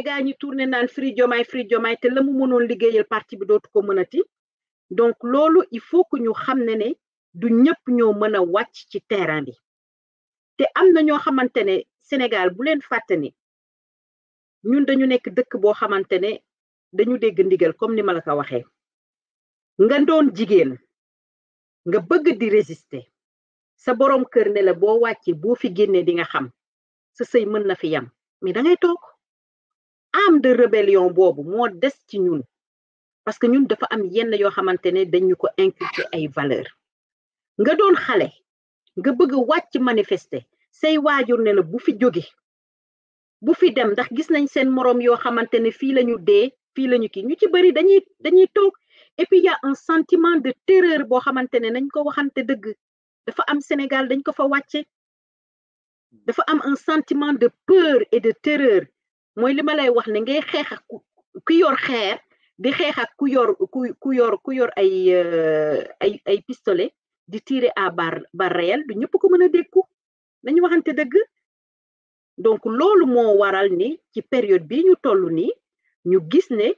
après gars ñi tourné naan Free Diomaye Free Diomaye te la mu mënoon liggéeyal parti bi dootu ko mënati donc loolu il faut que ñu xam ne ne du ñëpp ñoo mën a wàcc ci terrain bi te am na ñoo xamante ne Sénégal bu leen fàtte ñun dañu nekk dëkk boo xamante ne dañu dégg ndigal comme ni ma la ko waxee nga doon jigéen nga bëgg di résister sa boroom kër ne la boo wàccee boo fi génnee di nga xam sa sëy mën na fi yam mais da toog de rébellion boobu moo des ci ñun parce que ñun dafa am yenn yoo xamante ne dañu ko inculquer ay valeur nga doon xale nga bëgg wàcc manifester say waajur ne la bu fi jóge bu fi dem ndax gis nañ seen moroom yoo xamante ne fii la ñu dee fii lañu kii ñu ci bari dañuy dañuy toog et puis y a un sentiment de terreur boo xamante ne nañ ko waxante dëgg dafa am Sénégal dañ ko fa wàcce dafa am un sentiment de peur et de terreur moy li ma lay wax ne ngay xeex ak ku yor xeer di xeex ak ku yor ku yor ku yor ay euh, ay ay pistolet di tirer à barre, balles réelles du ñepp ko mëna a dékku nañu waxante deug donc loolu mo waral ni ci période bi ñu tollu ni ñu gis ne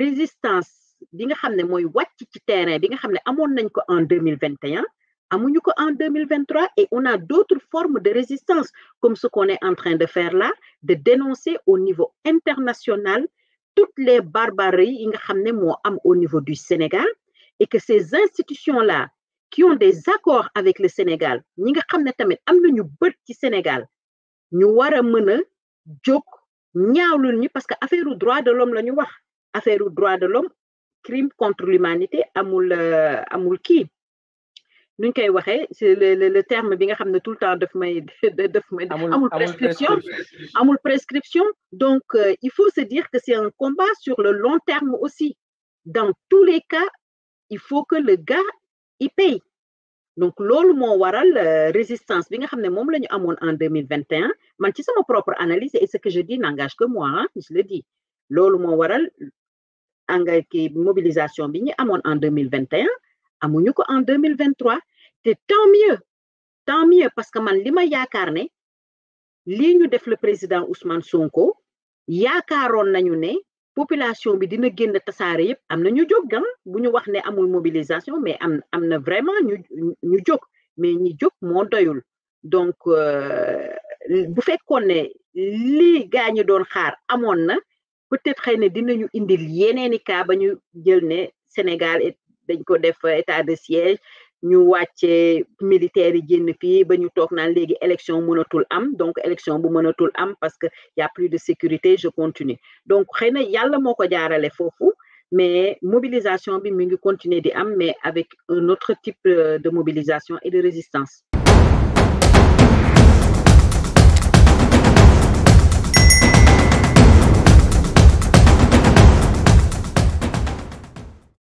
résistance bi nga xam moy wacc ci terrain bi nga xam amon nañ ko en 2021 en 2023 et on a d'autres formes de résistance comme ce qu'on est en train de faire là de dénoncer au niveau international toutes les barbaries yi nga au niveau du Sénégal et que ces institutions là qui ont des accords avec le Sénégal nous nga xam tamit Sénégal ñu parce que affaire droit de l'homme la ñu affaire au droit de l'homme crime contre l'humanité amul euh, amul qui donc c'est le terme bi nga tout le temps daf may daf may amul prescription amul prescription donc euh, il faut se dire que c'est un combat sur le long terme aussi dans tous les cas il faut que le gars y paye donc loolu mo waral euh, résistance bi nga xamné mom lañu amone en 2021. man ci sama propre analyse et ce que je dis n'engage que moi hein, je le dis loolu mo waral enga mobilisation bi ñi en 2021. amuñu ko en 2023 tant mieux tant mieux parce que man que ma le président Ousmane Sonko yakaron nañu ne population bi dina ah, mobilisation mais am vraiment mais ñi donc euh, bu faites connaître, ce peut-être que dinañu indil yeneeni cas ba jël Sénégal dañ ko def état de siège ñu wàcce militaires yi génn fii ba ñu toog naan léegi élection mënatul am donc élection bu mënatul am parce que y a plus de sécurité je continue donc xëy na yàlla moo ko jaarale foofu mais mobilisation bi mu ngi continuer di am mais avec un autre type euh, de mobilisation et de résistance